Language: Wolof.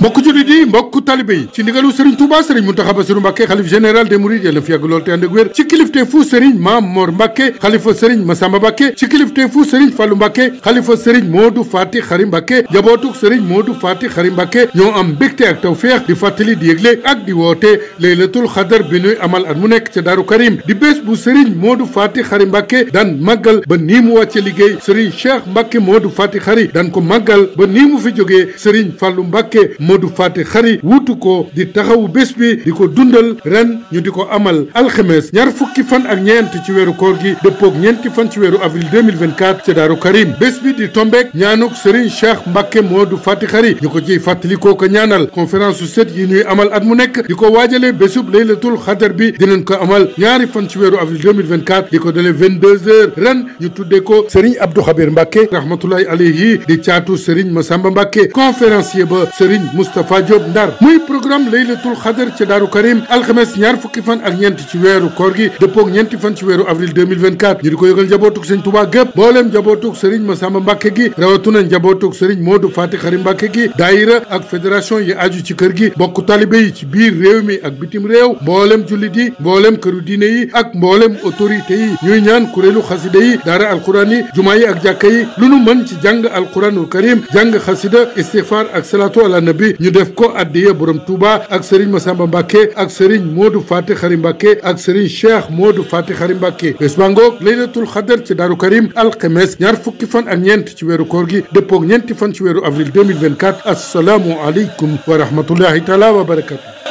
mbokk jullit yi mbokk talibe yi ci ndigalu seriñ Touba Serigne Mountakha Bassirou Mbacké xalif général des Mourides yàlla fi yàgg lool te ànd ak wér ci kilifteefu Serigne Mame Mor Mbacké xalifa Serigne Massamba Mbacké ci kilifteefu Serigne Fallou Mbacké xalifa Serigne Modou Fati Khary Mbacké jabootuk Serigne Modou Fati Khary Mbacké ñoo am mbégte ak tawfeex di fàttali di yëgle ak di woote laylatul xadar bi ñuy amal at mu nekk ca Daaru Karim di bés bu Serigne Modou Fati xari Mbacké daan màggal ba nii mu wàcce liggéey Serigne Cheikh Mbacké Modou Fati Khary daan ko màggal ba nii mu fi jógee Serigne Fallou Mbacké Modou Faty Khary wuutu ko di taxawu bés bi di ko dundal ren ñu di ko amal alxemes ñaar fukki fan ak ñeent ci weeru koor gi dëppoog ñeenti fan ci weeru avril 2024 ci daaru Karim bés bi di tombeek ñaanuk Serigne Cheikh moo du Faty xari ñu ko ji fàttali koo ko ñaanal conférence su set yi ñuy amal at mu nekk di ko waajale bésub laylatul xadar bi dinañ ko amal ñaari fan ci weeru avril 2024 di ko dalee 22h ren ñu tuddee ko Serigne Abdou Khaber Mbacke rahmatullahi alayhi di caatu Serigne Massamba Mbacke conférencier ba Serigne Moustapha Diop Ndar muy programme laylatul xadar ca Daaru Karim alxames ñaar fukki fan ak ñeent ci weeru koor gi dëppoog ñeenti fan ci weeru avril ñu di ko yëgal njabootug sëñ Touba gépp mbooleem njabootug Serigne Massamba Mbacke gi rawatuna njabootug Serigne Modou Fati Xari Mbacke gi daayira ak fédération yi aju ci kër gi bokk talibe ci biir réew ak bitim réew mbooleem jullit yi këru diine ak mbooleem autorité ñuy ñaan kuréelu xasida daara alquran yi jumaa ñu def ko addiye borom Touba ak Serigne Massamba Mbacke ak Serigne Modou Faty Khary Mbacke ak Serigne Cheikh Modou Faty Khary Mbacke bés ba ngoog laylatul xadar ci Daaru Karim alxemes ñaar fukki fan ak ñeent ci weeru koor gi dëppoog ñeenti fan ci weeru avril 2024 assalaamu aleykum wa rahmatullahi taala wa barakatu